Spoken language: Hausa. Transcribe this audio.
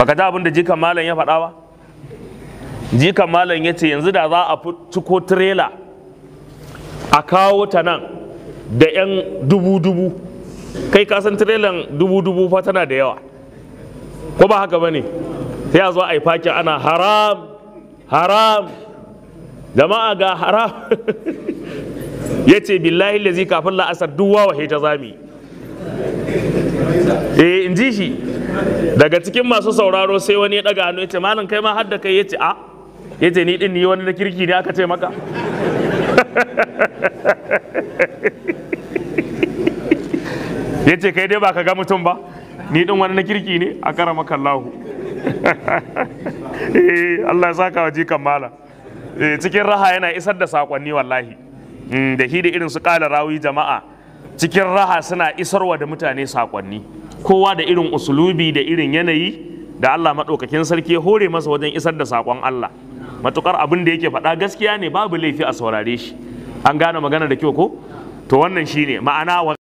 baka ji abin da jikan malam ya faɗa ba jikan malam ya ce yanzu da za a ciko tirela a kawo ta nan da 'yan dubu-dubu kai kasan tirelan dubu-dubu fa tana da yawa ko ba haka ba ne sai a zo a yi fakin ana haram haram jama'a ga haram ya ce billahi lazi kafin la'asar duk wawahe ta zami eh in ji shi daga cikin masu sauraro sai wani ya daga hannu ya ce malam kai ma hadda kai ya ce a ya ce ni din ni wani na kirki ne aka ce maka ya ce kai dai ba ka ga mutum ba ni din wani na kirki ne a kara maka Allahu eh, Allah ya saka wa jikan malam eh, cikin raha yana isar da saƙonni wallahi hmm, da hidi irin su ƙala rawi jama'a cikin raha suna isarwa da mutane sakonni. kowa da irin usulubi da irin yanayi da Allah maɗaukakin sarki hore masa wajen isar da sakon Allah Matuƙar abin da yake faɗa gaskiya ne babu laifi a saurare shi an gane magana da kyau ko to wannan shine ma'ana